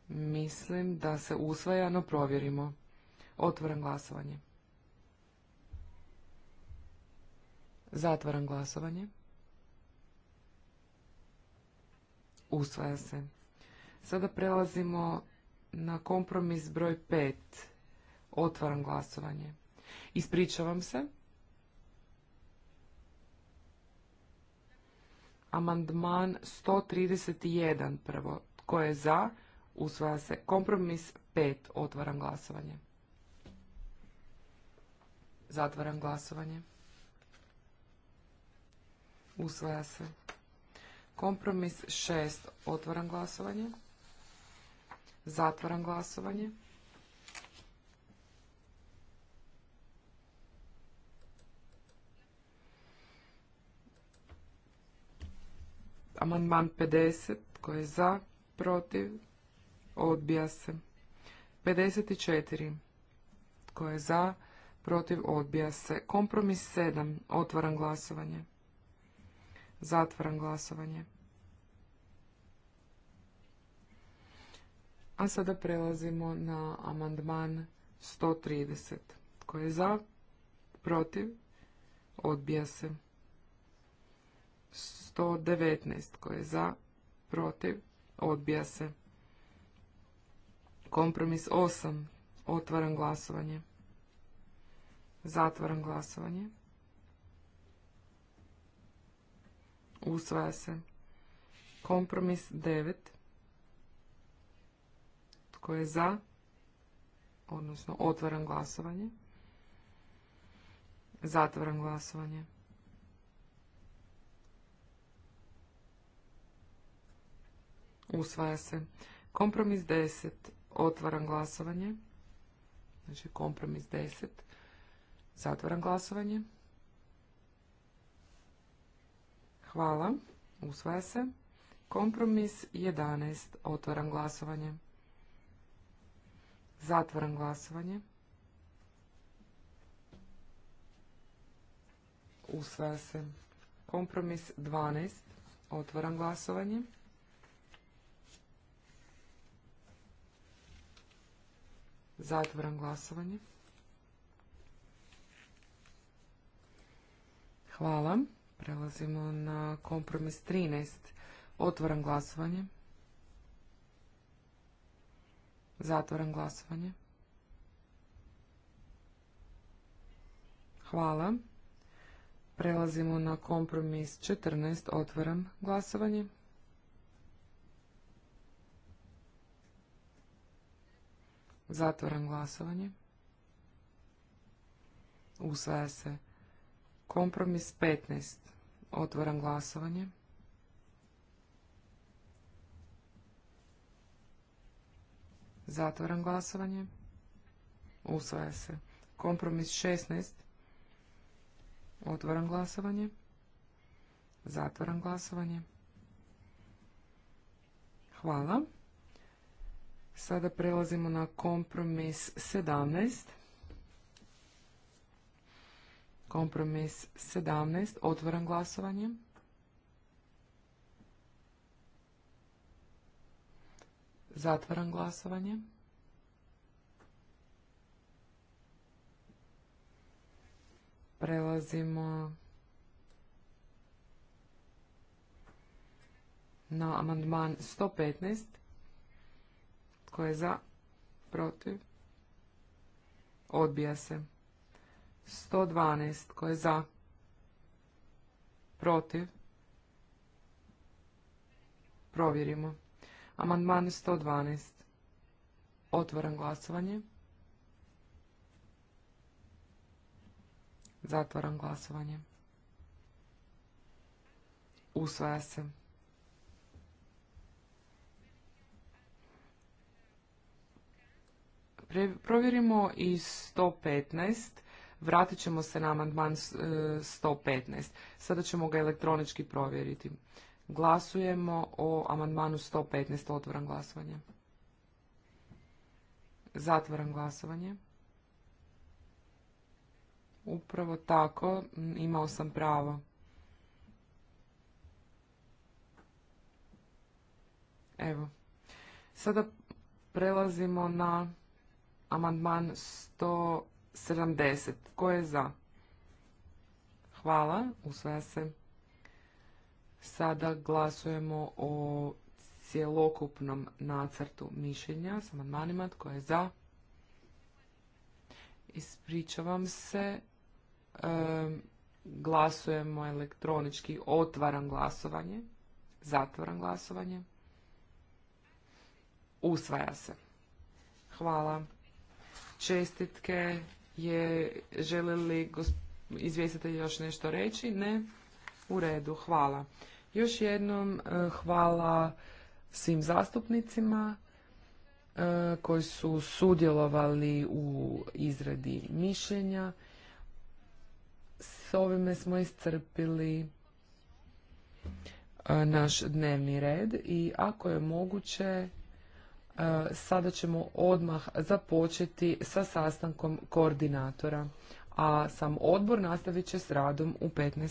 [SPEAKER 5] Mislim da se usvaja, no provjerimo. Otvaram glasovanje. Zatvaram glasovanje. Usvaja se. Sada prelazimo na kompromis broj 5. Otvaram glasovanje. Ispričavam se. Amandman 131 prvo. Tko je za? Usvaja se. Kompromis 5. Otvaram glasovanje. Zatvaram glasovanje. Usvaja se. Kompromis 6. Otvaram glasovanje. Zatvaram glasovanje. Amandman 50 koji je za, protiv, odbija se. 54 koji je za, protiv, odbija se. Kompromis 7. Otvaram glasovanje. Zatvaram glasovanje. A sada prelazimo na amandman 130. Tko je za? Protiv? Odbija se. 119. Tko je za? Protiv? Odbija se. Kompromis 8. Otvaram glasovanje. Zatvaram glasovanje. usvaja se. Kompromis 9. Tko je za? Odnosno, otvaram glasovanje. Zatvaram glasovanje. Usvaja se. Kompromis 10. Otvaram glasovanje. Znači kompromis 10. Zatvaram glasovanje. Hvala. Usvaja se. Kompromis 11. Otvaram glasovanje. Zatvaram glasovanje. Usvaja se. Kompromis 12. Otvaram glasovanje. Zatvaram glasovanje. Hvala. Prelazimo na kompromis 13. Otvoram glasovanje. Zatvoram glasovanje. Hvala. Prelazimo na kompromis 14. Otvoram glasovanje. Zatvoram glasovanje. Usvaja se. Kompromis 15. Otvaram glasovanje. Zatvaram glasovanje. Usvaja se. Kompromis 16. Otvaram glasovanje. Zatvaram glasovanje. Hvala. Sada prelazimo na kompromis 17. Kompromis 17. Otvoram glasovanje. Zatvaram glasovanje. Prelazimo na amandman 115. Tko je za? Protiv? Odbija se. 112. Tko je za? Protiv? Provjerimo. Amandman 112. Otvoram glasovanje. Zatvaram glasovanje. Usvaja se. provjerimo i 115. Vratit ćemo se na amandman 115. E, Sada ćemo ga elektronički provjeriti. Glasujemo o amandmanu 115. Otvoram glasovanje. Zatvaram glasovanje. Upravo tako, imao sam pravo. Evo. Sada prelazimo na amandman 100 70. Ko je za? Hvala. Usvaja se. Sada glasujemo o cjelokupnom nacrtu mišljenja s amandmanima. Tko je za? Ispričavam se. glasujemo elektronički. Otvaram glasovanje. Zatvaram glasovanje. Usvaja se. Hvala. Čestitke je želi li izvjestitelj još nešto reći? Ne. U redu, hvala. Još jednom e, hvala svim zastupnicima e, koji su sudjelovali u izradi mišljenja. S ovime smo iscrpili e, naš dnevni red i ako je moguće E, sada ćemo odmah započeti sa sastankom koordinatora, a sam odbor nastavit će s radom u 15.